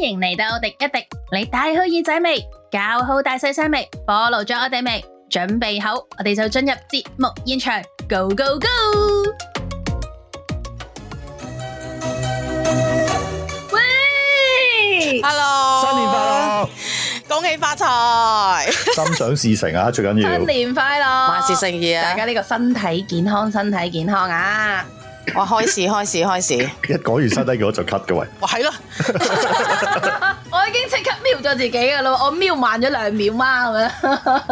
歡迎嚟到廸一廸，你帶好耳仔未？搞好大細聲未？暴露咗我哋未？準備好，我哋就進入節目現場，Go Go Go！喂，Hello，新年快樂，恭喜發財，心想事成啊！最緊要新年快樂，萬事勝意啊！大家呢個身體健康，身體健康啊！我開始開始開始，開始開始 一講完身體嘅我就 cut 嘅位，係咯 我已經即刻瞄咗自己噶啦，我瞄慢咗兩秒貓咁樣。吸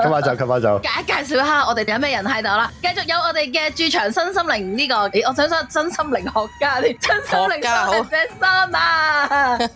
下就吸下就，介介紹一下我哋有咩人喺度啦，繼續有我哋嘅駐場身心靈呢、這個，我想想身心靈學家，你真心靈學嘅 fans 啊！家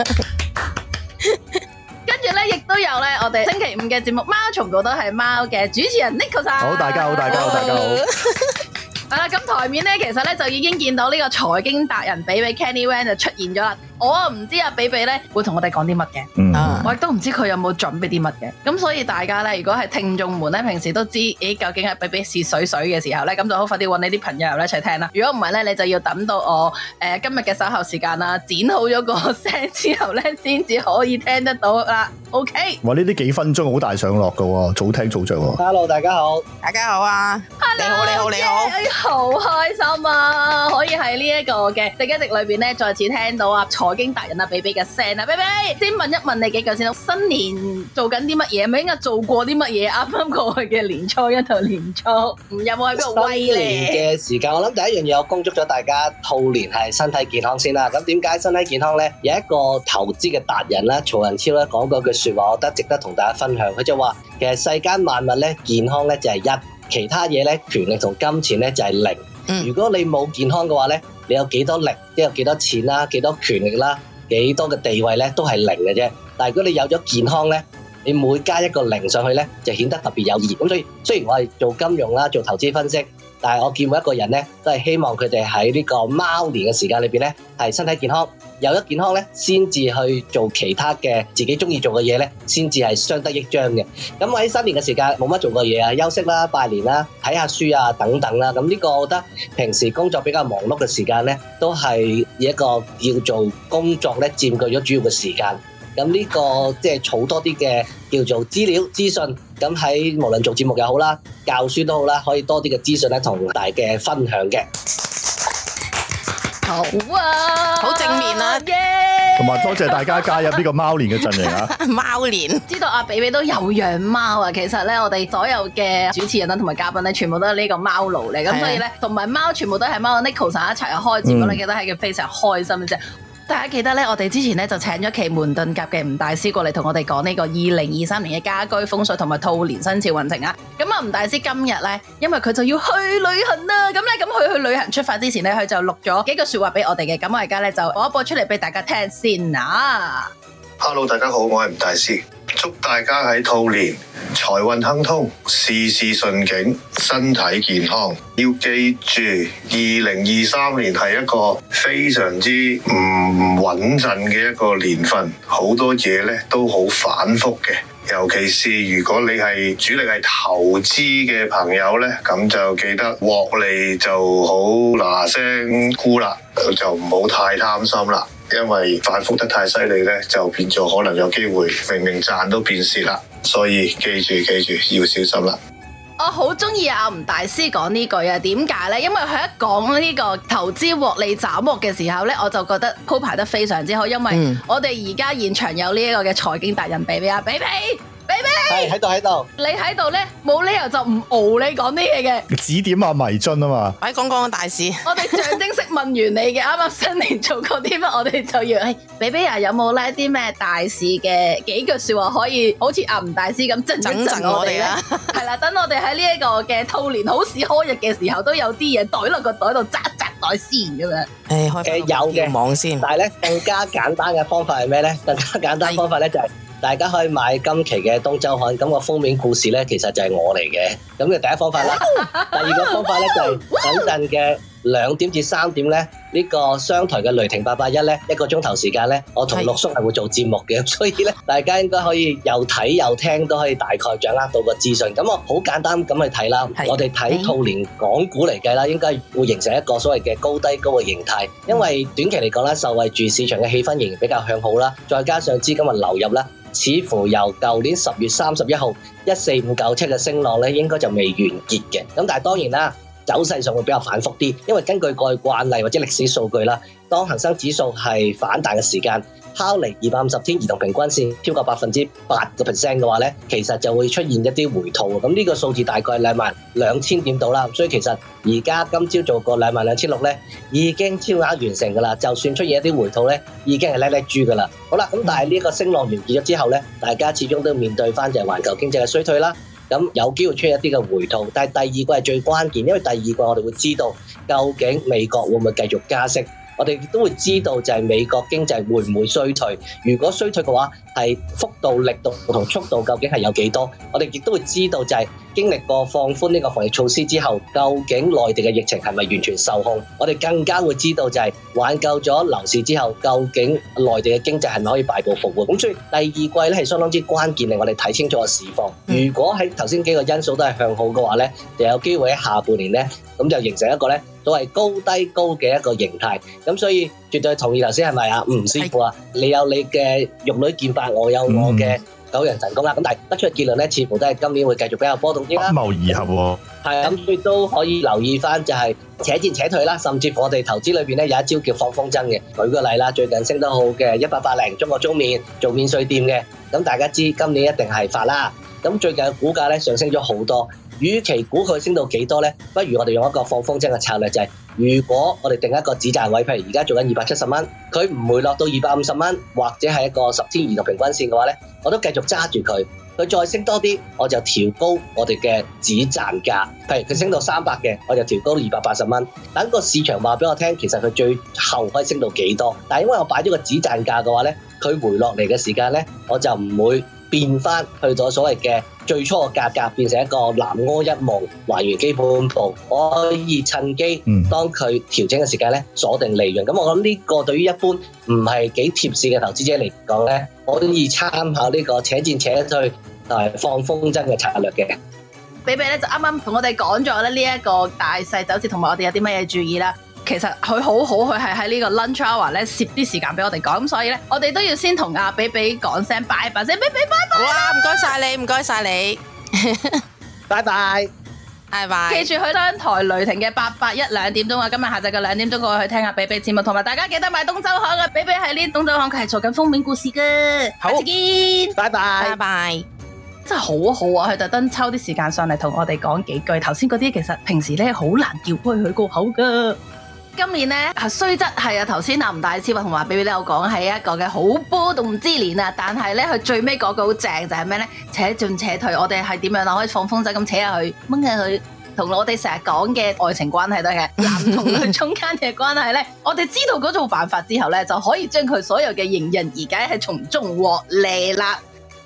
跟住咧，亦都有咧，我哋星期五嘅節目，貓全部都係貓嘅主持人 Neko San 好，大家好，大家好，大家好。 好啦，咁、嗯、台面咧，其實咧就已經見到呢個財經達人比比 Kenny Wen 就出現咗啦。我啊唔知阿比比咧會同我哋講啲乜嘅，嗯、我亦都唔知佢有冇準備啲乜嘅。咁所以大家咧，如果係聽眾們咧，平時都知咦究竟阿比比是水水嘅時候咧，咁就好快啲揾你啲朋友一齊聽啦。如果唔係咧，你就要等到我誒、呃、今日嘅稍後時間啦，剪好咗個聲之後咧，先至可以聽得到啦。OK？哇！呢啲幾分鐘好大上落嘅喎、啊，早聽早著、啊。Hello，大家好，大家好啊！Hello，你好，你好，你好！好 Yeah, 哎、開心啊，可以喺呢一個嘅《廸一廸》裏邊咧再次聽到啊彩。財經達人啊比比嘅聲啊，比比先問一問你幾句先。新年做緊啲乜嘢？唔係應該做過啲乜嘢？啱啱過去嘅年初一同年初，有冇去邊度威？新年嘅時間，我諗第一樣嘢，我恭祝咗大家兔年係身體健康先啦。咁點解身體健康咧？有一個投資嘅達人啦，曹仁超咧講過句説話，我覺得值得同大家分享。佢就話其實世間萬物咧，健康咧就係、是、一，其他嘢咧權力同金錢咧就係、是、零。嗯、如果你冇健康嘅話咧。你有幾多力，即係有幾多錢啦，幾多權力啦，幾多嘅地位咧，都係零嘅啫。但如果你有咗健康咧，你每加一個零上去咧，就顯得特別有意。咁所以雖然我係做金融啦，做投資分析。但係我見每一個人咧，都係希望佢哋喺呢個貓年嘅時間裏邊咧，係身體健康，有得健康咧，先至去做其他嘅自己中意做嘅嘢咧，先至係相得益彰嘅。咁喺新年嘅時間冇乜做過嘢啊，休息啦、拜年啦、睇下書啊等等啦。咁呢個我覺得平時工作比較忙碌嘅時間咧，都係以一個叫做工作咧，佔據咗主要嘅時間。咁呢個即係儲多啲嘅叫做資料資訊，咁喺無論做節目又好啦，教書都好啦，可以多啲嘅資訊咧同大家嘅分享嘅。好啊，好正面啊，同埋多謝大家加入呢個貓年嘅陣營啊！ 貓年連，知道阿、啊、比比都有養貓啊。其實咧，我哋所有嘅主持人啦同埋嘉賓咧，全部都係呢個貓奴嚟。咁的所以咧，同埋貓全部都係貓。Neko San 一齊開節目咧，都係、嗯、非常開心嘅啫。大家記得咧，我哋之前咧就請咗奇門遁甲嘅吳大師過嚟同我哋講呢個二零二三年嘅家居風水同埋兔年生肖運程啊。咁、嗯、啊，吳大師今日咧，因為佢就要去旅行啦、啊，咁咧，咁佢去旅行出發之前咧，佢就錄咗幾句説話俾我哋嘅，咁我而家咧就播一播出嚟俾大家聽先啊。Hello，大家好，我係吳大師，祝大家喺兔年財運亨通，事事順境，身體健康。要記住，二零二三年係一個非常之唔穩陣嘅一個年份，好多嘢咧，都好反覆嘅。尤其是如果你係主力係投資嘅朋友呢，咁就記得獲利就好嗱聲沽啦，就唔好太貪心啦。因為反覆得太犀利咧，就變咗可能有機會，明明賺都變蝕啦，所以記住記住要小心啦。我好中意阿吳大師講呢句啊，點解咧？因為佢一講呢個投資獲利斬獲嘅時候咧，我就覺得鋪排得非常之好，因為我哋而家現場有呢一個嘅財經達人比比啊，比比。比比喺度喺度，你喺度咧冇理由就唔敖你講啲嘢嘅，指點阿迷津啊嘛，講講個大事。我哋象徵式問完你嘅，啱啱新年做過啲乜，我哋就要，比比啊有冇咧啲咩大事嘅幾句說話可以，好似阿吳大師咁，真真贈我哋咧。係啦，等我哋喺呢一個嘅兔年好事開日嘅時候，都有啲嘢袋落個袋度扎紮袋先咁樣。誒，有嘅，有嘅網先。但係咧，更加簡單嘅方法係咩咧？更加簡單方法咧就係。大家可以買今期嘅《東周刊》，咁個封面故事呢，其實就係我嚟嘅。咁嘅第一方法啦， 第二個方法呢 就係穩陣嘅。兩點至三點咧，呢個商台嘅雷霆八八一咧，一個鐘頭時間咧，我同六叔係會做節目嘅，所以咧，大家應該可以又睇又聽，都可以大概掌握到個資訊。咁我好簡單咁去睇啦，我哋睇兔年港股嚟計啦，應該會形成一個所謂嘅高低高嘅形態，因為短期嚟講咧，受惠住市場嘅氣氛仍然比較向好啦，再加上資金嘅流入咧，似乎由舊年十月三十一號一四五九七嘅升浪咧，應該就未完結嘅。咁但係當然啦。走勢上會比較反覆啲，因為根據過去慣例或者歷史數據啦，當恒生指數係反彈嘅時間，拋離二百五十天移動平均線超過百分之八個 percent 嘅話咧，其實就會出現一啲回吐。咁呢個數字大概兩萬兩千點度啦，所以其實而家今朝做過兩萬兩千六咧，已經超額完成㗎啦。就算出現一啲回吐咧，已經係叻叻豬㗎啦。好啦，咁但係呢個升浪完結咗之後咧，大家始終都要面對翻就係環球經濟嘅衰退啦。有機會出一啲嘅回吐，但第二個係最關鍵，因為第二個我哋會知道究竟美國會唔會繼續加息。我哋亦都會知道就係美國經濟會唔會衰退？如果衰退嘅話，係幅度、力度同速度究竟係有幾多？我哋亦都會知道就係經歷過放寬呢個防疫措施之後，究竟內地嘅疫情係咪完全受控？我哋更加會知道就係挽救咗樓市之後，究竟內地嘅經濟係咪可以擺步復活？咁所以第二季咧係相當之關鍵，令我哋睇清楚個市況。如果喺頭先幾個因素都係向好嘅話咧，就有機會喺下半年咧咁就形成一個咧。都係高低高嘅一個形態，咁所以絕對同意頭先係咪啊？吳師傅啊，你有你嘅玉女劍法，我有我嘅九陽神功啦。咁但係得出嘅結論咧，似乎都係今年會繼續比較波動啲啦。不謀而合喎。係，咁都可以留意翻，就係且戰且退啦。甚至我哋投資裏邊咧有一招叫放風箏嘅。舉個例啦，最近升得好嘅一八八零中國中免做免稅店嘅。咁大家知今年一定係發啦。咁最近嘅股價咧上升咗好多。與其估佢升到幾多呢？不如我哋用一個放風箏嘅策略，就是，就係如果我哋定一個止賺位，譬如而家做緊二百七十蚊，佢唔回落到二百五十蚊，或者係一個十天移動平均線嘅話呢，我都繼續揸住佢。佢再升多啲，我就調高我哋嘅止賺價。譬如佢升到三百嘅，我就調高二百八十蚊。等個市場話俾我聽，其實佢最後可以升到幾多？但因為我擺咗個止賺價嘅話呢，佢回落嚟嘅時間呢，我就唔會變翻去到所謂嘅。最初嘅價格,格變成一個南柯一夢，還原基本步，我可以趁機當佢調整嘅時間咧鎖定利潤。咁我諗呢個對於一般唔係幾貼市嘅投資者嚟講咧，可以參考呢個且戰且退同埋放風箏嘅策略嘅。比比咧就啱啱同我哋講咗咧呢一個大勢走勢同埋我哋有啲乜嘢注意啦。其實佢好好，佢係喺呢個 lunch hour 咧，攝啲時間俾我哋講，咁所以咧，我哋都要先同阿比比講聲拜拜，即比比拜好啦，唔該晒你，唔該晒你，拜拜，啊、 拜拜。 拜拜記住去商台雷霆嘅八八一兩點鐘啊！今日下晝嘅兩點鐘過去聽阿比比節目，同埋大家記得買東周刊啊！比比喺呢東周刊，佢係做緊封面故事噶。好，再見，拜拜，拜拜。拜拜真係好好啊，佢特登抽啲時間上嚟同我哋講幾句。頭先嗰啲其實平時咧好難叫開佢個口噶。今年呢，雖則係啊！頭先阿吳大師話同埋比比都有講，係一個嘅好波動之年啊！但係咧，佢最尾嗰句好正就係咩咧？扯進扯退，我哋係點樣啊？可以放風箏咁扯入去，掹入佢，同我哋成日講嘅愛情關係都係嘅，男同女中間嘅關係咧，我哋知道嗰種辦法之後咧，就可以將佢所有嘅迎刃而解，係從中獲利啦。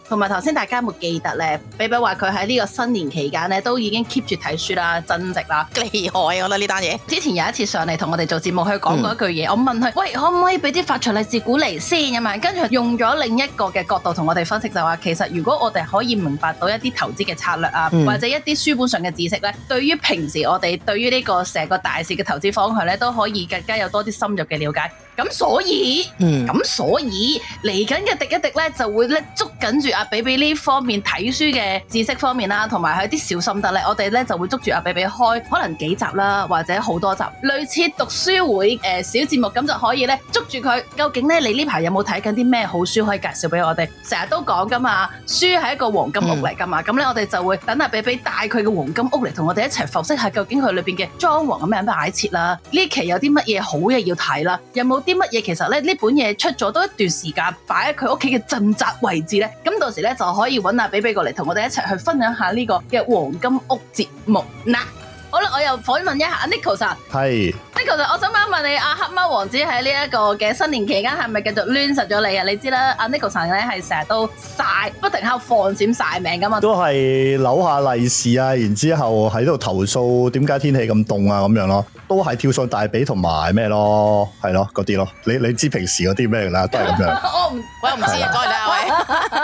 同埋頭先大家冇記得呢，比比話佢喺呢個新年期間咧，都已經 keep 住睇書啦、增值啦，厲害！我覺得呢單嘢。之前有一次上嚟同我哋做節目，佢講過一句嘢，嗯、我問佢：喂，可唔可以俾啲發財勵志故嚟先？咁啊，跟住用咗另一個嘅角度同我哋分析就是說，就話其實如果我哋可以明白到一啲投資嘅策略啊，嗯、或者一啲書本上嘅知識呢，對於平時我哋對於呢個成個大市嘅投資方向咧，都可以更加有多啲深入嘅了解。咁所以，咁所以嚟緊嘅廸一廸咧，就會咧捉緊住阿比比呢方面睇書嘅知識方面啦，同埋佢啲小心得咧，我哋咧就會捉住阿比比開，可能幾集啦，或者好多集，類似讀書會誒小節目咁就可以咧捉住佢。究竟咧你呢排有冇睇緊啲咩好書可以介紹俾我哋？成日都講噶嘛，書係一個黃金屋嚟噶嘛，咁咧、嗯、我哋就會等阿比比帶佢嘅黃金屋嚟同我哋一齊復識下，究竟佢裏邊嘅裝潢有咩咩擺設啦？呢期有啲乜嘢好嘢要睇啦？有冇？啲乜嘢？其實咧呢這本嘢出咗都一段時間，擺喺佢屋企嘅鎮宅位置咧。咁到時咧就可以揾阿比比過嚟同我哋一齊去分享下呢、這個嘅黃金屋節目啦。好啦，我又反問一下 Nicko 神，係 Nicko 神，我想問一問你啊，黑貓王子喺呢一個嘅新年期間係咪繼續攣實咗你？啊？你知啦，阿 Nicko 神咧係成日都曬不停喺度放閃晒命噶嘛，都係扭下利是啊，然之後喺度投訴點解天氣咁凍啊咁樣咯，都係跳上大髀同埋咩咯，係咯嗰啲咯，你你知平時嗰啲咩啦，都係咁樣。 我唔，我唔知啊，各位。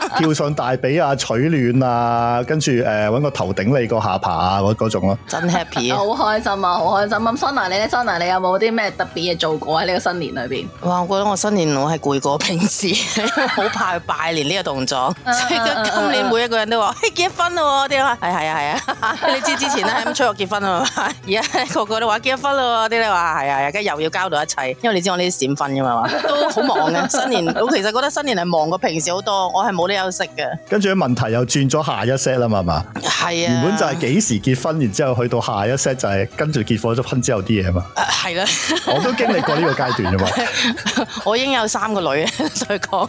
跳上大髀啊，取暖啊，跟住誒揾個頭頂你個下巴啊，嗰種咯。真 happy。好、啊、開心啊，好開心咁、啊。Sona 你咧 Sona 你有冇啲咩特別嘢做過喺、啊、呢個新年裏邊？哇，我覺得我新年我係攰過平時，好 怕去拜年呢個動作。所以 今年每一個人都話：，誒，結婚咯，啲咧。係係啊係啊，你知之前係咁催我結婚啊嘛。而家 個個都話結婚咯，啲咧話係啊，而家又要交到一切，因為你知我呢啲閃婚噶嘛， 都好忙啊。新年我其實覺得新年係忙過平時好多，我係冇得休息嘅。跟住問題又轉咗下一些啦嘛，係嘛？係啊。原本就係幾時結婚，然之後去到下。一些就係跟住結夥咗婚之後啲嘢嘛，係啦，我都經歷過呢個階段啊嘛，我已經有三個女啊，再講。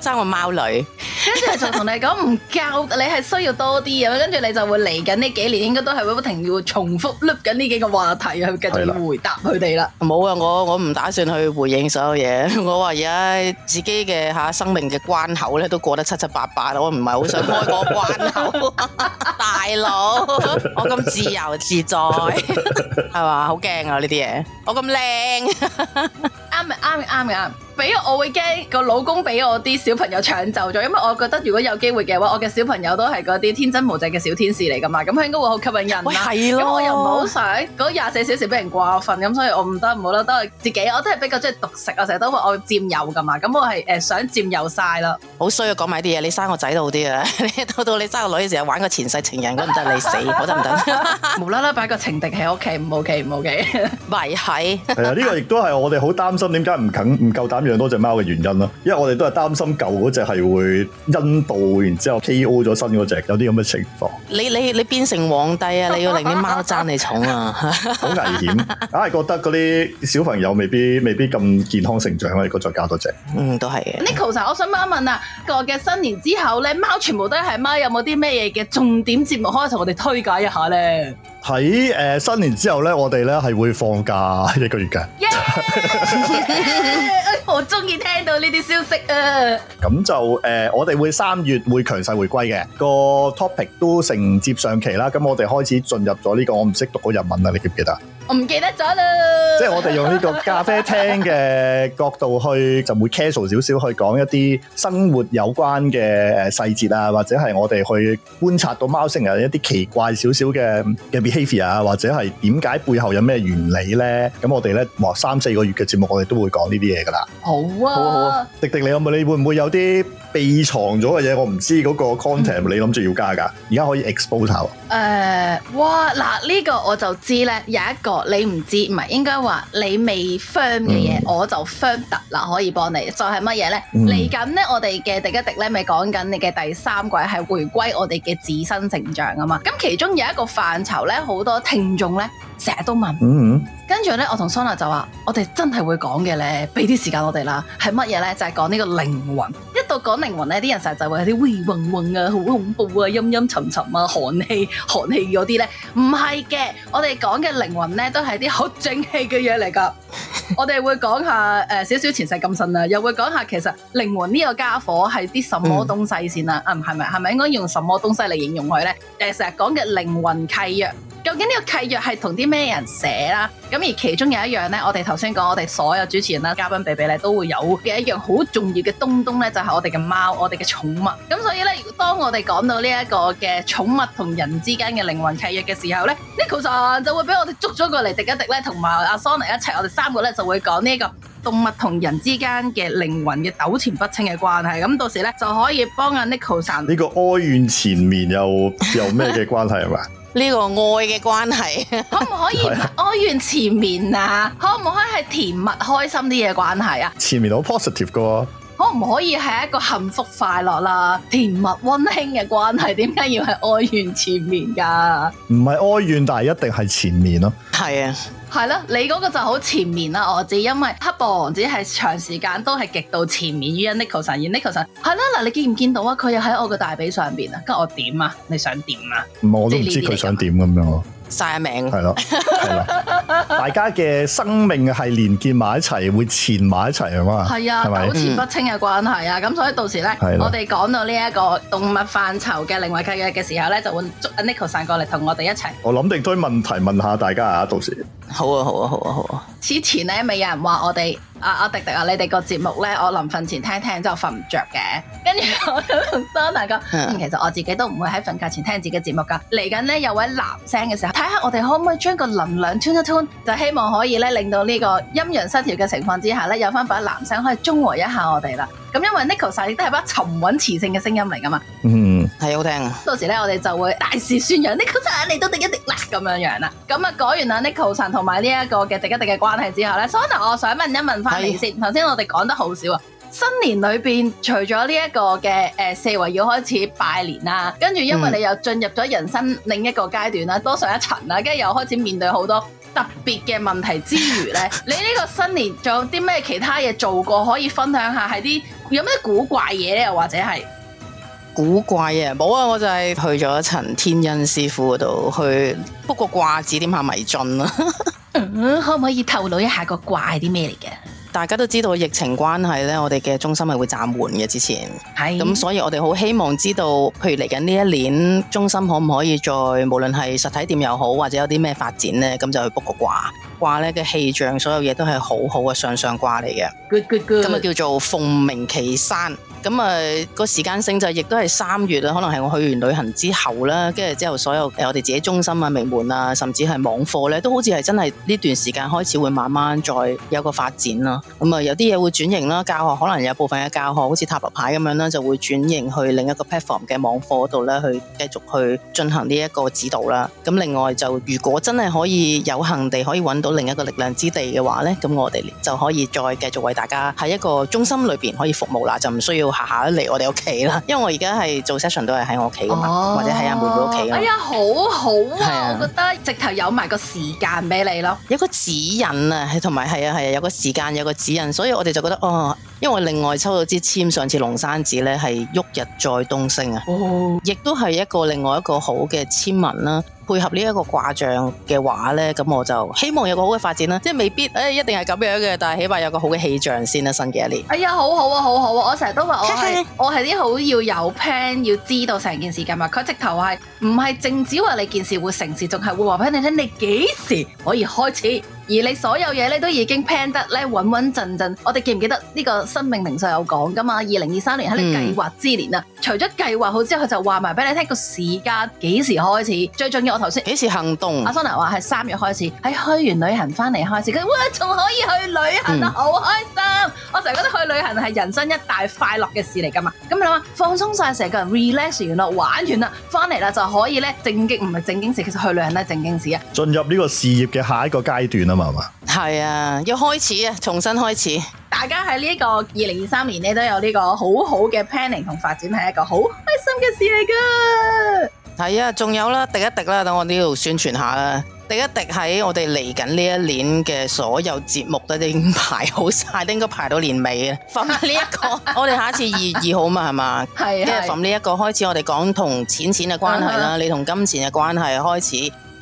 生個貓女 就跟，跟住仲同你講唔夠，你係需要多啲咁，跟住你就會嚟緊呢幾年，應該都係會不停要重複 look 緊呢幾個話題，去繼續回答佢哋啦。冇啊，我我唔打算去回應所有嘢。我話而家自己嘅吓、啊、生命嘅關口咧，都過得七七八八啦。我唔係好想開個關口，大佬，我咁自由自在，係 嘛？好驚啊呢啲嘢，我咁靚，啱咪啱咪啱咪啱。俾我會驚個老公俾我啲小朋友搶走咗，因為我覺得如果有機會嘅話，我嘅小朋友都係嗰啲天真無邪嘅小天使嚟噶嘛，咁佢應該會好吸引人啦、啊。咁我又唔好想嗰廿四小時俾人瓜分，咁所以我唔得唔好啦，都係自己，我真係比較中意獨食啊，成日都話我會佔有噶嘛，咁我係誒、呃、想佔有晒啦。好衰啊，講埋啲嘢，你生個仔都好啲啊，到 到你生個女嘅時候玩個前世情人嗰陣唔得你死，我得唔得？ 無啦啦擺個情敵喺屋企，唔 OK 唔 OK，迷係。呢個亦都係我哋好擔心，點解唔肯唔夠膽？養多隻貓嘅原因咯，因為我哋都係擔心舊嗰隻係會因妒，然之後 KO 咗新嗰隻，有啲咁嘅情況。你你你變成皇帝啊！你要令啲貓爭你寵啊！好 危險，梗係覺得嗰啲小朋友未必未必咁健康成長啊！你再加多隻，嗯，都係。Neko，我想問一問啊，個嘅新年之後咧，貓全部都係貓，有冇啲咩嘢嘅重點節目可以同我哋推介一下咧？喺誒、呃、新年之後咧，我哋咧係會放假一個月嘅。耶！我中意聽到呢啲消息啊。咁就誒、呃，我哋會三月會強勢回歸嘅，個 topic 都承接上期啦。咁我哋開始進入咗呢個我唔識讀嘅日文啊，你記唔記得？我唔記得咗啦。即係我哋用呢個咖啡廳嘅角度去，就會 casual 少少去講一啲生活有關嘅誒細節啊，或者係我哋去觀察到貓星人一啲奇怪少少嘅嘅 behavior 啊，或者係點解背後有咩原理咧？咁我哋咧，望三四個月嘅節目，我哋都會講呢啲嘢噶啦。好啊，好啊，好啊，廸廸，你有冇？你會唔會有啲？被藏咗嘅嘢，我唔知嗰、那個 content、嗯、你諗住要加㗎，而家可以 expose 啊！誒、呃，哇，嗱，呢個我就知咧，有一個你唔知，唔係應該話你未 firm 嘅嘢，嗯、我就 firm 得。嗱，可以幫你。再係乜嘢咧？嚟緊咧，我哋嘅廸一廸咧，咪講緊你嘅第三季係回歸我哋嘅自身成長啊嘛！咁其中有一個範疇咧，好多聽眾咧成日都問，跟住咧，我同 Sona 就話：我哋真係會講嘅咧，俾啲時間我哋啦。係乜嘢咧？就係講呢個靈魂。講靈魂咧，啲人成日就會有啲烏雲雲啊，好恐怖啊，陰陰沉沉啊，寒氣寒氣嗰啲咧，唔係嘅，我哋講嘅靈魂咧都係啲好正氣嘅嘢嚟噶。 我哋會講下誒少少前世今生啦，又會講下其實靈魂呢個家伙係啲什麼東西先啦、啊，嗯係咪係咪應該用什麼東西嚟形容佢咧？誒，成日講嘅靈魂契約。究竟呢個契約係同啲咩人寫啦？咁而其中有一樣呢，我哋頭先講，我哋所有主持人啦、嘉賓比比咧都會有嘅一樣好重要嘅東東呢，就係、是、我哋嘅貓、我哋嘅寵物。咁所以呢，如果當我哋講到呢一個嘅寵物同人之間嘅靈魂契約嘅時候呢 Neko San 就會俾我哋捉咗過嚟，廸一廸咧，同埋阿 Sona 一齊，我哋三個呢就會講呢一個動物同人之間嘅靈魂嘅糾纏不清嘅關係。咁到時呢，就可以幫阿、啊、Neko San 呢個哀怨纏綿又有咩嘅關係係咪？ 呢個愛嘅關係， 可唔可以哀怨纏綿啊？可唔可以係甜蜜、開心啲嘅關係啊？纏綿好 positive 嘅喎，可唔可以係一個幸福、快樂啦、啊、甜蜜、溫馨嘅關係？點解要係哀怨纏綿㗎？唔係哀怨，但係一定係纏綿咯。係啊。係啦，你嗰個就好纏綿啦、啊！我自己因為黑豹王子係長時間都係極度纏綿，於 Nicholson 而 Nicholson 係啦，嗱，你見唔見到啊？佢又喺我個大髀上邊啊！急我點啊？你想點啊？我都唔知佢想點咁樣，樣。曬命，係咯，係啦，大家嘅生命係連結埋一齊，會纏埋一齊啊嘛，係啊， 糾纏不清嘅關係啊，咁所以到時咧， 我哋講到呢一個動物範疇嘅另外契約嘅時候咧，就會捉阿 Neko San 過嚟同我哋一齊。我諗定堆問題問下大家啊，到時。好啊好啊好啊好啊！好啊好啊好啊之前咧咪有人話我哋。啊！阿迪迪啊，你哋個節目咧，我臨瞓前聽聽，之後瞓唔着嘅。跟住我同 Sona 講，其實我自己都唔會喺瞓覺前聽自己節目㗎。嚟緊咧有位男聲嘅時候，睇下我哋可唔可以將個能量 turn 一 turn，就希望可以咧令到呢個陰陽失調嘅情況之下咧，有翻把男聲可以中和一下我哋啦。咁因為 Neko San 亦都係把沉穩磁性嘅聲音嚟㗎嘛，嗯，係好聽啊。到時咧我哋就會大肆宣揚 Neko San 你都滴一滴啦咁樣樣啦。咁啊講完啦 Neko San 同埋呢一個嘅迪一迪嘅關係之後咧 Sona，我想問一問翻。頭先、哎、我哋講得好少啊！新年裏邊，除咗呢一個嘅誒、呃，四圍要開始拜年啦，跟住因為你又進入咗人生另一個階段啦，嗯、多上一層啦，跟住又開始面對好多特別嘅問題之餘咧， 你呢個新年仲有啲咩其他嘢做過可以分享下？係啲有咩古怪嘢又或者係古怪嘢？冇啊！我就係去咗陳天恩師傅嗰度去卜個卦，指點下迷津啊、 嗯嗯嗯。可唔可以透露一下個卦係啲咩嚟嘅？大家都知道疫情關係呢，我哋嘅中心係會暫緩嘅。之前，咁的所以我哋好希望知道，譬如嚟緊呢一年中心可唔可以再，無論係實體店又好，或者有啲咩發展呢？咁就去卜個卦。卦呢嘅氣象，所有嘢都係好好嘅上上卦嚟嘅。咁啊 good，叫做鳳鳴岐山。咁啊，個時間性就亦都係三月啦，可能係我去完旅行之後啦，跟住之後所有誒、呃、我哋自己中心啊、名門啊，甚至係網課咧，都好似係真係呢段時間開始會慢慢再有個發展啦。咁啊，有啲嘢會轉型啦，教學可能有部分嘅教學好似塔羅牌咁樣啦，就會轉型去另一個 platform 嘅網課度咧，去繼續去進行呢一個指導啦。咁另外就如果真係可以有幸地可以揾到另一個力量之地嘅話咧，咁我哋就可以再繼續為大家喺一個中心裏邊可以服務啦，就唔需要。下下嚟我哋屋企啦，因為我而家係做 session 都係喺我屋企㗎嘛，哦、或者喺阿妹妹屋企。哎呀，好好啊，啊我覺得直頭有埋個時間俾你咯，有個指引啊，同埋係啊係啊，有個時間有個指引，所以我哋就覺得哦，因為我另外抽到支簽，上次龍山寺咧係旭日再東升啊，亦都係一個另外一個好嘅簽文啦。配合呢一個卦象嘅話呢，咁我就希望有個好嘅發展啦，即未必、哎、一定係咁樣嘅，但係起碼有個好嘅氣象先，新嘅一年。哎呀，好好啊，好好，啊！我成日都話我係啲好要有 plan，要知道成件事㗎嘛。佢直頭係唔係淨止話你件事會成事，仲係會話畀你聽你幾時可以開始。而你所有嘢咧都已經 plan 得咧穩穩陣陣，我哋記唔記得呢、這個生命靈數有講噶嘛？二零二三年喺你計劃之年啊，嗯、除咗計劃好之後，佢就話埋俾你聽、這個時間幾時開始。最重要我，我頭先幾時行動？阿桑娜話係三月開始，喺去完旅行翻嚟開始。佢哇，仲可以去旅行啊，嗯、好開！成日覺得去旅行係人生一大快樂嘅事嚟噶嘛？咁你諗下，放鬆晒成個人 relax 完啦，玩完啦，翻嚟啦就可以咧正經唔係正經事，其實去旅行都係正經事啊！進入呢個事業嘅下一個階段啊嘛，係嘛？係啊，要開始啊，重新開始。大家喺呢一個二零二三年咧都有呢個好好嘅 planning 同發展，係一個好開心嘅事嚟噶。係啊，仲有啦，廸一廸啦，等我呢度宣傳下啦。廸一廸喺我哋嚟緊呢一年嘅所有節目都已經排好晒，都應該排到年尾啊！呢一、這個， 我哋下一次二二 號嘛，係嘛？係是是、這個。即係呢一個開始，我哋講同錢錢嘅關係啦，是是是你同金錢嘅關係開始。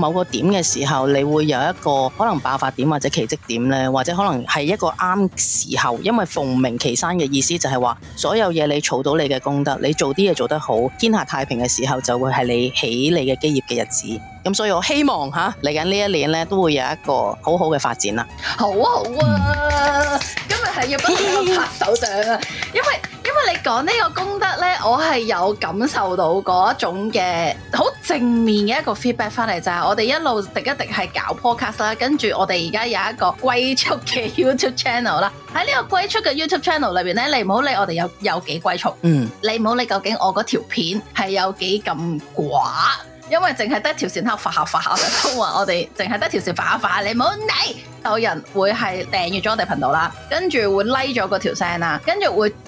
某個點嘅時候，你會有一個可能爆發點或者奇蹟點呢，或者可能係一個啱時候，因為鳳鳴岐山嘅意思就係話，所有嘢你儲到你嘅功德，你做啲嘢做得好，天下太平嘅時候就會係你起你嘅基業嘅日子。咁所以我希望嚇嚟緊呢一年咧，都會有一個好好嘅發展啦。好啊好啊，嗯、今日係要不停拍手掌啊！因為因為你講呢個功德咧，我係有感受到嗰一種嘅好正面嘅一個 feedback 翻嚟，就係、是、我哋一路一滴一滴係搞 podcast 啦，跟住我哋而家有一個歸宿嘅 YouTube channel 啦。喺呢個歸宿嘅 YouTube channel 裏邊咧，你唔好理我哋有有幾歸宿，嗯，你唔好理究竟我嗰條片係有幾咁寡。因為淨係得一條線黑化下化下，我哋都話我哋淨係得一條線化下化下，你冇問題。有人會係訂閱咗我哋頻道啦，跟住會 like 咗嗰條聲啦，跟住會再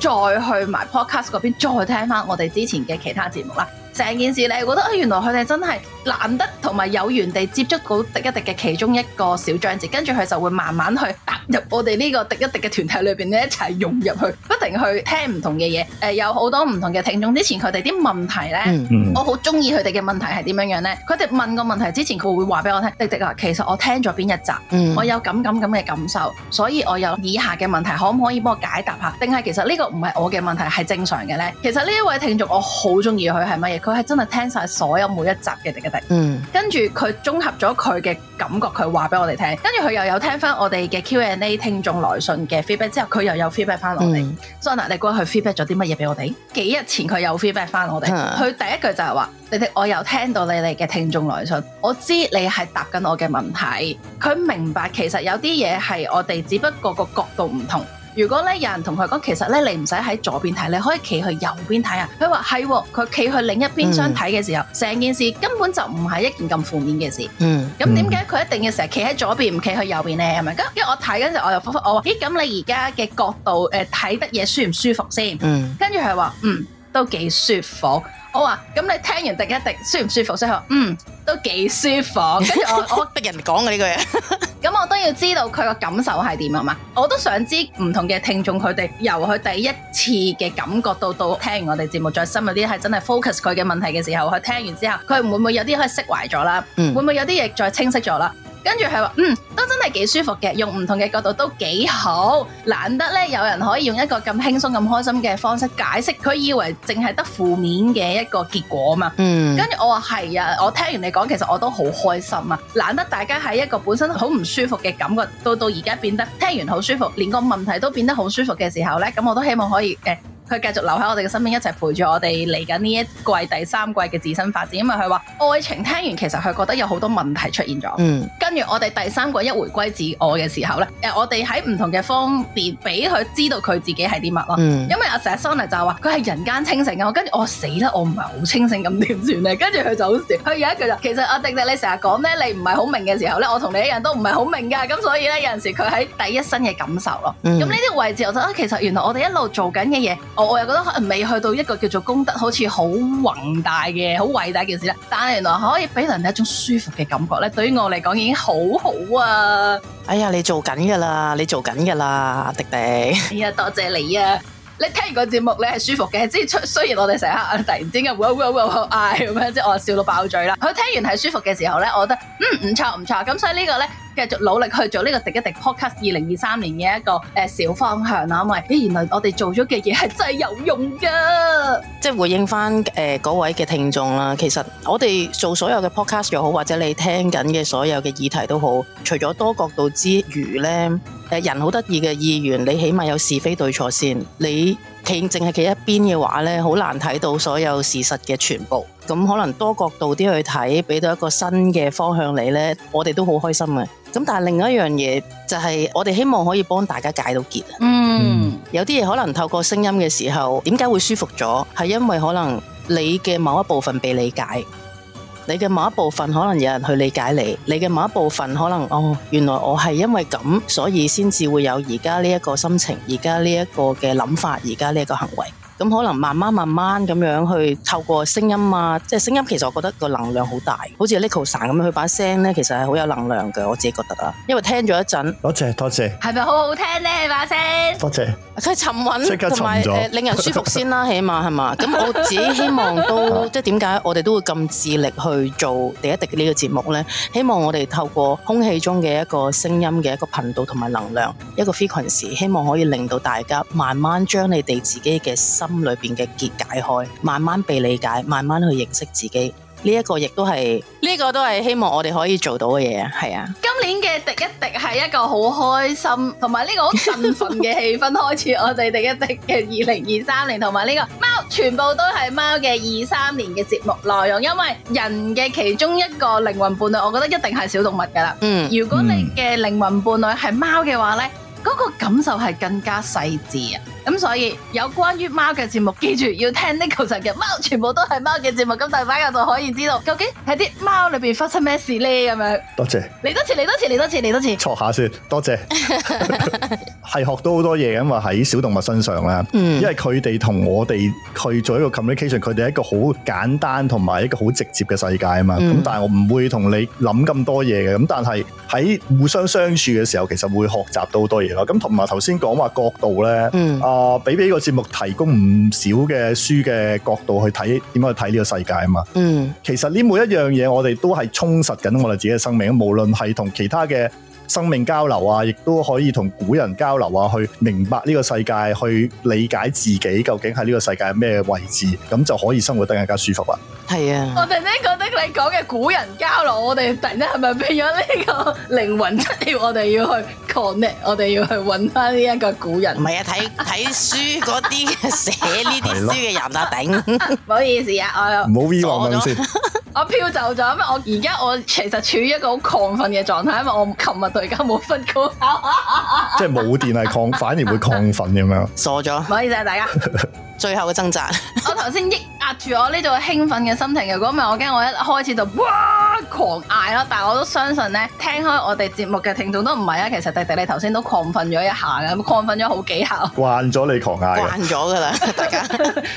去埋 podcast 嗰邊再聽翻我哋之前嘅其他節目啦。成件事你係覺得，原來佢哋真係。難得同埋有緣地接觸到廸一廸嘅其中一個小章節，跟住佢就會慢慢去踏入我哋呢個廸一廸嘅團體裏邊咧，一齊融入去，不停去聽唔同嘅嘢。誒、呃，有好多唔同嘅聽眾，之前佢哋啲問題咧，嗯嗯、我好中意佢哋嘅問題係點樣樣咧。佢哋問個問題之前，佢會話俾我聽：廸廸啊，其實我聽咗邊一集，我有咁咁咁嘅感受，所以我有以下嘅問題，可唔可以幫我解答下？定係其實呢個唔係我嘅問題，係正常嘅咧。其實呢一位聽眾，我好中意佢係乜嘢？佢係真係聽晒所有每一集嘅。嗯，跟住佢綜合咗佢嘅感覺，佢話俾我哋聽，跟住佢又有聽翻我哋嘅 Q&A 聽眾來信嘅 feedback，之後佢又有 feedback 翻我哋。所以嗱你估佢 feedback 咗啲乜嘢俾我哋？幾日前佢又 feedback 翻我哋，佢、嗯、第一句就係話，你哋我有聽到你哋嘅聽眾來信，我知你係答緊我嘅問題。佢明白其實有啲嘢係我哋只不過個角度唔同。如果咧有人同佢講，其實咧你唔使喺左邊睇，你可以企去右邊睇啊！佢話係，佢企去另一邊窗睇嘅時候，成、嗯、件事根本就唔係一件咁負面嘅事。嗯，咁點解佢一定要成日企喺左邊唔企去右邊咧？咁跟住我睇緊就我又復復我話，咦，咁你而家嘅角度誒睇得嘢舒唔舒服先？嗯，跟住佢話嗯。都幾舒服，我話咁你聽完廸一廸，舒唔舒服？所以佢話嗯都幾舒服，跟住我我逼人講嘅呢句嘢，咁我都要知道佢個感受係點啊嘛，我都想知唔同嘅聽眾佢哋由佢第一次嘅感覺到到聽完我哋節目再深入啲，係真係 focus 佢嘅問題嘅時候，佢聽完之後，佢唔會唔會有啲可以釋懷咗啦，會唔會有啲嘢再清晰咗啦？嗯會跟住佢話，嗯，都真係幾舒服嘅，用唔同嘅角度都幾好，難得咧有人可以用一個咁輕鬆、咁開心嘅方式解釋，佢以為淨係得負面嘅一個結果嘛。嗯。跟住我話係啊，我聽完你講，其實我都好開心啊，難得大家喺一個本身好唔舒服嘅感覺，到到而家變得聽完好舒服，連個問題都變得好舒服嘅時候呢，咁我都希望可以誒。呃佢繼續留喺我哋嘅身邊，一齊陪住我哋嚟緊呢一季第三季嘅自身發展，因為佢話愛情聽完其實佢覺得有好多問題出現咗。嗯，跟住我哋第三季一回歸自我嘅時候咧，誒、呃，我哋喺唔同嘅方面俾佢知道佢自己係啲乜咯。嗯、因為我成日 Sona 就話佢係人間清醒嘅，我跟住我、哦、死啦，我唔係好清醒咁點算咧？跟住佢就好笑，佢有一句就其實阿迪迪你成日講咧，你唔係好明嘅時候咧，我同你一樣都唔係好明㗎，咁所以咧有陣時佢喺第一身嘅感受咯。嗯，咁呢啲位置我就啊，其實原來我哋一路做緊嘅嘢。我又覺得可能未去到一個叫做功德，好似好宏大嘅好偉大一件事啦。但係原來可以俾人哋一種舒服嘅感覺咧，對於我嚟講已經好好啊！哎呀，你做緊噶啦，你做緊噶啦，迪迪。哎呀，多謝你啊！你聽完個節目咧係舒服嘅，即係出雖然我哋成日突然之間會嗌咁樣，即係我笑到爆嘴啦。佢聽完係舒服嘅時候咧，我覺得嗯唔錯唔錯咁，錯 cube, 所以個呢個咧。繼續努力去做呢個廸一廸 podcast 二零二三年嘅一個誒、呃、小方向啦，咁啊，咦，原來我哋做咗嘅嘢係真係有用噶，即係回應翻誒嗰位嘅聽眾啦。其實我哋做所有嘅 podcast 又好，或者你聽緊嘅所有嘅議題都好，除咗多角度之餘呢。人好得意嘅議員，你起碼有是非對錯先。你企淨係企一邊嘅話呢，好難睇到所有事實嘅全部。咁可能多角度啲去睇，俾到一個新嘅方向你，呢我哋都好開心嘅。咁但係另一樣嘢就係、是，我哋希望可以幫大家解到結。嗯，有啲嘢可能透過聲音嘅時候，點解會舒服咗？係因為可能你嘅某一部分被理解。你嘅某一部分可能有人去理解你，你嘅某一部分可能哦，原來我係因為咁，所以先至會有而家呢一個心情，而家呢一個嘅諗法，而家呢一個行為。咁可能慢慢慢慢咁樣去透過聲音啊，即係聲音其實我覺得個能量好大，好似 Neko San 咁樣，佢把聲咧其實係好有能量嘅，我自己覺得啊。因為聽咗一陣，多謝多謝，係咪好好聽咧把聲？多謝，即係沉穩，即刻沉咗，同埋令人舒服先啦，起碼係嘛？咁我自己希望都即係點解我哋都會咁致力去做《廸一廸》呢個節目咧？希望我哋透過空氣中嘅一個聲音嘅一個頻道同埋能量一個 frequency，希望可以令到大家慢慢將你哋自己嘅心。心裏邊嘅結解開，慢慢被理解，慢慢去認識自己。呢、這、一個亦都係呢個都係希望我哋可以做到嘅嘢，係啊。今年嘅廸一廸係一個好開心同埋呢個好振奮嘅氣氛，開始我哋廸一廸嘅二零二三年，同埋呢個貓全部都係貓嘅二三年嘅節目內容。因為人嘅其中一個靈魂伴侶，我覺得一定係小動物噶啦。嗯，如果你嘅靈魂伴侶係貓嘅話呢嗰、那個感受係更加細致啊。咁所以有關於貓嘅節目，記住要聽 Neko San 嘅貓，全部都係貓嘅節目。咁大家又就可以知道究竟喺啲貓裏邊發生咩事呢？咁樣多謝，謝，嚟多次，嚟多次，嚟多次，嚟多次。坐下先，多謝，謝，係 學到好多嘢咁啊！喺小動物身上啦，嗯、因為佢哋同我哋去做一個 communication，佢哋係一個好簡單同埋一個好直接嘅世界啊嘛。咁、嗯、但係我唔會同你諗咁多嘢嘅，咁但係喺互相相處嘅時候，其實會學習到好多嘢咯。咁同埋頭先講話角度呢。嗯啊！比比呢個節目提供唔少嘅書嘅角度去睇，點樣去睇呢個世界啊嘛。嗯，其實呢每一樣嘢，我哋都係充實緊我哋自己嘅生命。無論係同其他嘅生命交流啊，亦都可以同古人交流啊，去明白呢個世界，去理解自己究竟喺呢個世界咩位置，咁、嗯、就可以生活得更加舒服啦。係是啊！我突然間覺得你講嘅古人交流，我哋突然間係咪變咗呢個靈魂出嚟？我哋要去 connect，我哋要去揾翻呢一個古人。唔係啊，睇睇書嗰啲寫呢啲書嘅人啊，頂！唔好意思啊，我唔好意忘咗先。 我飄走咗，因為我而家我其實處於一個好亢奮嘅狀態，因為我琴日到而家冇瞓高， 即係冇電係亢，反而會亢奮咁樣。傻咗了，唔 好意思啊，大家。 最後嘅掙扎。 我頭先抑壓住我呢種興奮嘅心情，如果唔係我驚我一開始就哇狂嗌咯。但係我都相信咧，聽開我哋節目嘅聽眾都唔係啊。其實迪迪你頭先都亢奮咗一下㗎，亢奮咗好幾下。慣咗你狂嗌。慣咗噶啦，大家。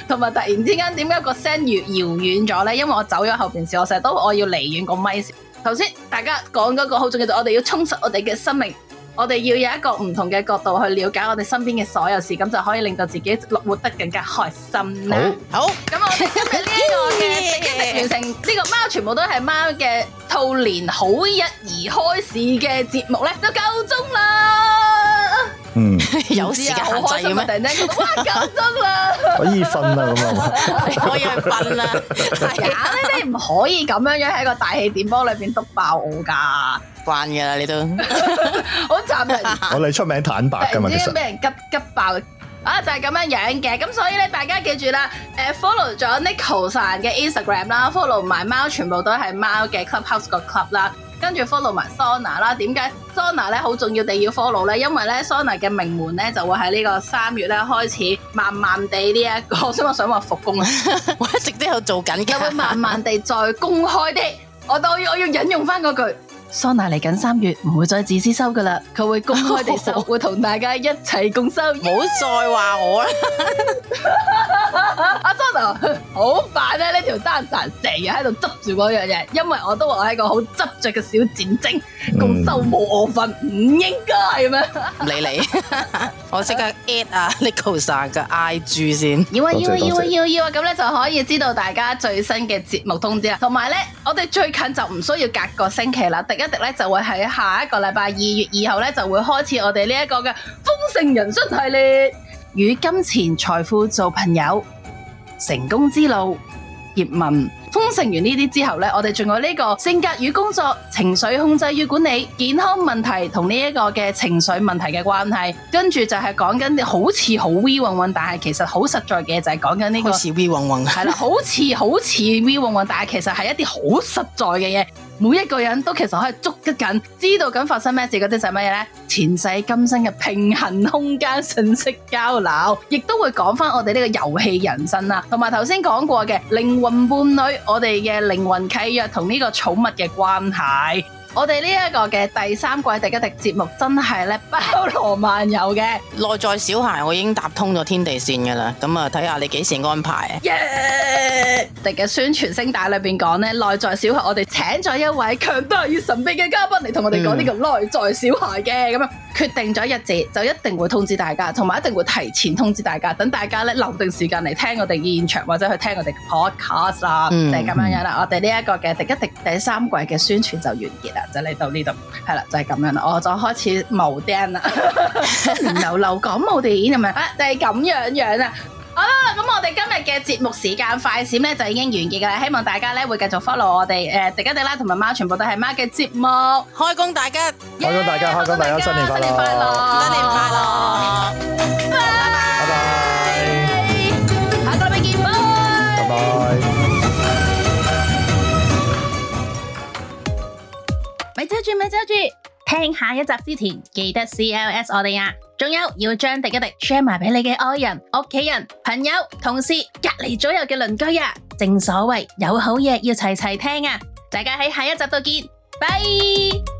同埋突然之間，點解個聲越遙遠咗咧？因為我走咗後邊時，我成日都我要離遠個咪。頭先大家講嗰個好重要就，我哋要充實我哋嘅生命。我哋要有一個唔同嘅角度去了解我哋身邊嘅所有事，咁就可以令到自己活得更加開心。好，咁我哋呢個嘅，已經完成呢個貓，全部都係貓嘅兔年好一而開市嘅節目咧，就夠鐘啦。嗯，有時間我可以突然間，哇咁得啦，可以瞓啦咁啊，可以去瞓啦。係啊，你唔可以咁樣樣喺個大氣電波裏邊篤爆我㗎，關㗎啦你都，好坦白。我哋出名坦白㗎嘛，已經俾人急拮爆啊，就係咁樣樣嘅。咁所以咧，大家記住啦，誒 follow 咗 Neko San 嘅 Instagram 啦，follow 埋貓，全部都係貓嘅 Clubhouse 個 club 啦。跟住 follow 埋 Sona 啦，點解 Sona 咧，好重要地要 follow 咧？因為咧 Sona 嘅名門咧就會喺呢個三月咧開始慢慢地呢、這、一個，我想話想話復工啊！我一 直都有做緊，就會慢慢地再公開啲，我都要我要引用翻嗰句。Sona 嚟緊三月唔會再自私修噶啦，佢會公開地修，哦、會同大家一齊共修。唔好再話我啦，阿 Sona 好煩咧，呢條單層成日喺度執住嗰樣嘢，因為我都話我係一個好執着嘅小戰爭，共修冇我份唔、嗯、應該咁咩？唔 理你，我即刻 at 啊、uh, Neko San 嘅 IG 先。要啊要啊，要啊要啊，要啊，咁咧就可以知道大家最新嘅節目通知啊，同埋咧我哋最近就唔需要隔個星期啦。一迪咧就會喺下一個禮拜，二月二號咧就會開始我哋呢一個嘅豐盛人生系列，與金錢財富做朋友，成功之路。葉問豐盛完呢啲之後咧，我哋仲有呢個性格與工作、情緒控制與管理、健康問題同呢一個嘅情緒問題嘅關係，跟住就係講緊好似好 V 混混，但係其實好實在嘅就係講緊呢個小 V 混混。係 啦，好似好似 V 混混，但係其實係一啲好實在嘅嘢。每一個人都其實可以捉得緊，知道緊發生咩事，嗰啲係乜嘢咧？前世今生嘅平衡空間信息交流，亦都會講翻我哋呢個遊戲人生啦，同埋頭先講過嘅靈魂伴侶，我哋嘅靈魂契約同呢個寵物嘅關係。我哋呢一個嘅第三季迪一迪節目真係咧包羅萬有嘅。內在小孩我已經搭通咗天地線噶啦，咁啊睇下你幾時安排。耶 Yeah!！迪一嘅宣傳聲帶裏邊講咧，內在小孩我哋請咗一位強大與神秘嘅嘉賓嚟同我哋講呢個內在小孩嘅，咁啊、嗯、決定咗日子就一定會通知大家，同埋一定會提前通知大家，等大家咧留定時間嚟聽我哋現場或者去聽我哋 podcast 啦，嗯、就係咁樣樣啦。我哋呢一個嘅迪一迪第三季嘅宣傳就完結啦。就嚟到呢度，係啦，就係咁樣啦，我就開始冇釘啦，流流感冒點咁樣啊？就係咁樣樣啊！好啦，咁我哋今日嘅節目時間快閃咧就已經完結噶啦，希望大家咧會繼續 follow 我哋誒，廸一廸啦同埋貓，全部都係貓嘅節目，開工大吉，開工大家，開工大家，新年快樂，新年快樂，拜拜。咪走住咪走住，聽下一集之前記得 C L S 我哋呀、啊，仲有要將廸一廸 share 埋俾你嘅愛人、屋企人、朋友、同事、隔籬左右嘅鄰居呀、啊。正所謂有好嘢要齊齊聽啊！大家喺下一集度見，拜。